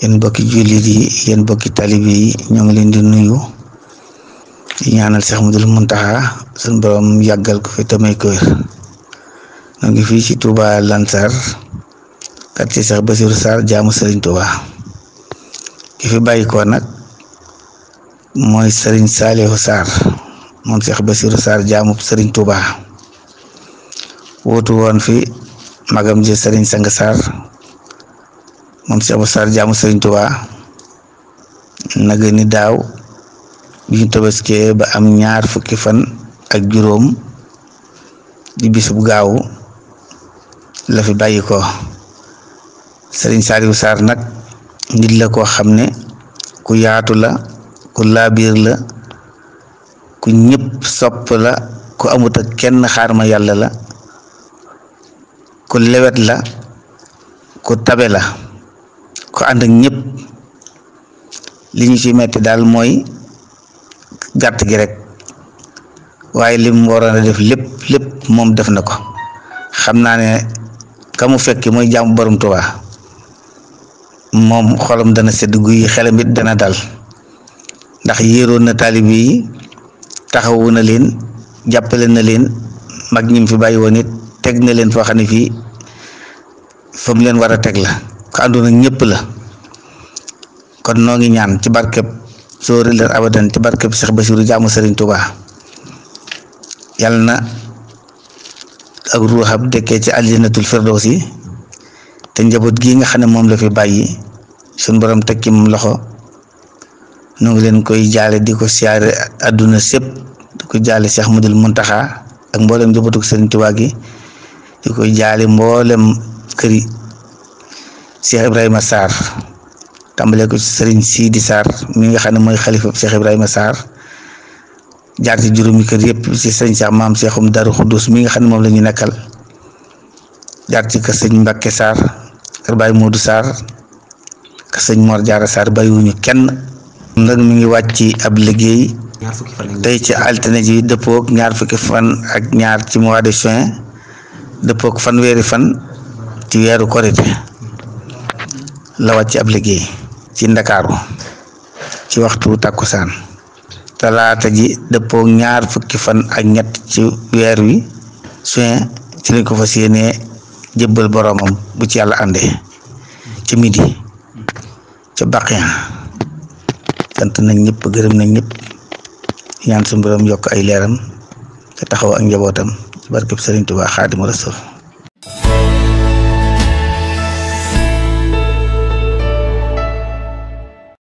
yéen bokki jullit yi yéen bokki talibe yi ñoo ngi leen di nuyu di ñaanal Seex Muhammadul Muntaxa suñu borom yàggal ko fi tamay ko wér ñoo ngi fii ci Touba Lansar kat ci Seex Basiru jaamu Sëriñ Touba ki fi bàyyi ko nag mooy Sëriñ Saalihu Sarr moom Seex Basiru Sarr jaamu Sëriñ Touba wootu woon fi magam ji Sëriñ Sang Sarr moom si Abou Sarr jaamu Sëriñ ni daaw bi ñu tabaskee ba am ñaar fukki fan ak juróom di bisub gaawu lafi fi bàyyi ko Sëriñ Saliou Sarr nag nit la koo xam ne ku yaatu la ku laabiir la ku ñëpp sopp la ku amut ak kenn xaar ma yàlla la ku lewet la ku tabe la ko ànd ak li ñu ci metti daal mooy gàtt gi rek waaye li mu waroon a def lépp lépp moom def na ko xam naa ne ka mu fekki mooy jaamu borom Tuubaa moom xolam dana sedd guy xelam it dana dal ndax yéeroon na taalibe yi taxawu na leen jàppale na leen mag ñi fi bàyyi woon teg na leen foo xam ne fii fa leen war a teg la ko àdduna ñëpp la kon noo ngi ñaan ci barkeb sóori leen abadan ci barkeb Cheikh Basiru jaamu Sëriñ Tuubaa yal na ak ruuxam dëkkee ci aljanatul firdawsi te njaboot gi nga xam ne moom la fi bàyyi suñ borom tekki loxo nu ngi leen koy jaale di ko siyaare àdduna sépp di ko jaale Cheikh Mudul ak mboolem njabootu Sëriñ tuba gi di koy jaale mboolem këri Cheikh Ibrahima Sarr tàmbale ko ci Serigne Sidi Sarr mi ngi xam ne mooy xalifa Cheikh Ibrahima Sarr jaar ci juróomi kër yëpp ci sëñ Cheikh maam Cheikhum Darou Khoudous mi nga xam ne moom la ñu nekkal jaar ci kër sëñ Mbacke kër Baye Modou Sarr kër sëñ Mor Diarra Sarr bàyyiwuñu kenn. nag mi ngi wàcc ci ab liggéey. tey ci altine ji dëppoo ak ñaar fukki fan ak ñaar ci mois de juin dëppoo ak fanweeri fan ci weeru korite la ci ab liggéey ci ndakaaru ci waxtu tàkkusaan talaata ji dëppoo ñaar fukki fan ak ñett ci weer wi juin ci lañ ko fas yéenee jëbbal boroomam bu ci yàlla àndee ci midi ci Baqiya sant nañ ñëpp gërëm na ñëpp ñaan suñu borom yokk ay leeram ca taxaw ak njabootam ci barkeb Sëriñ Tuubaa Xaadimu Rasuul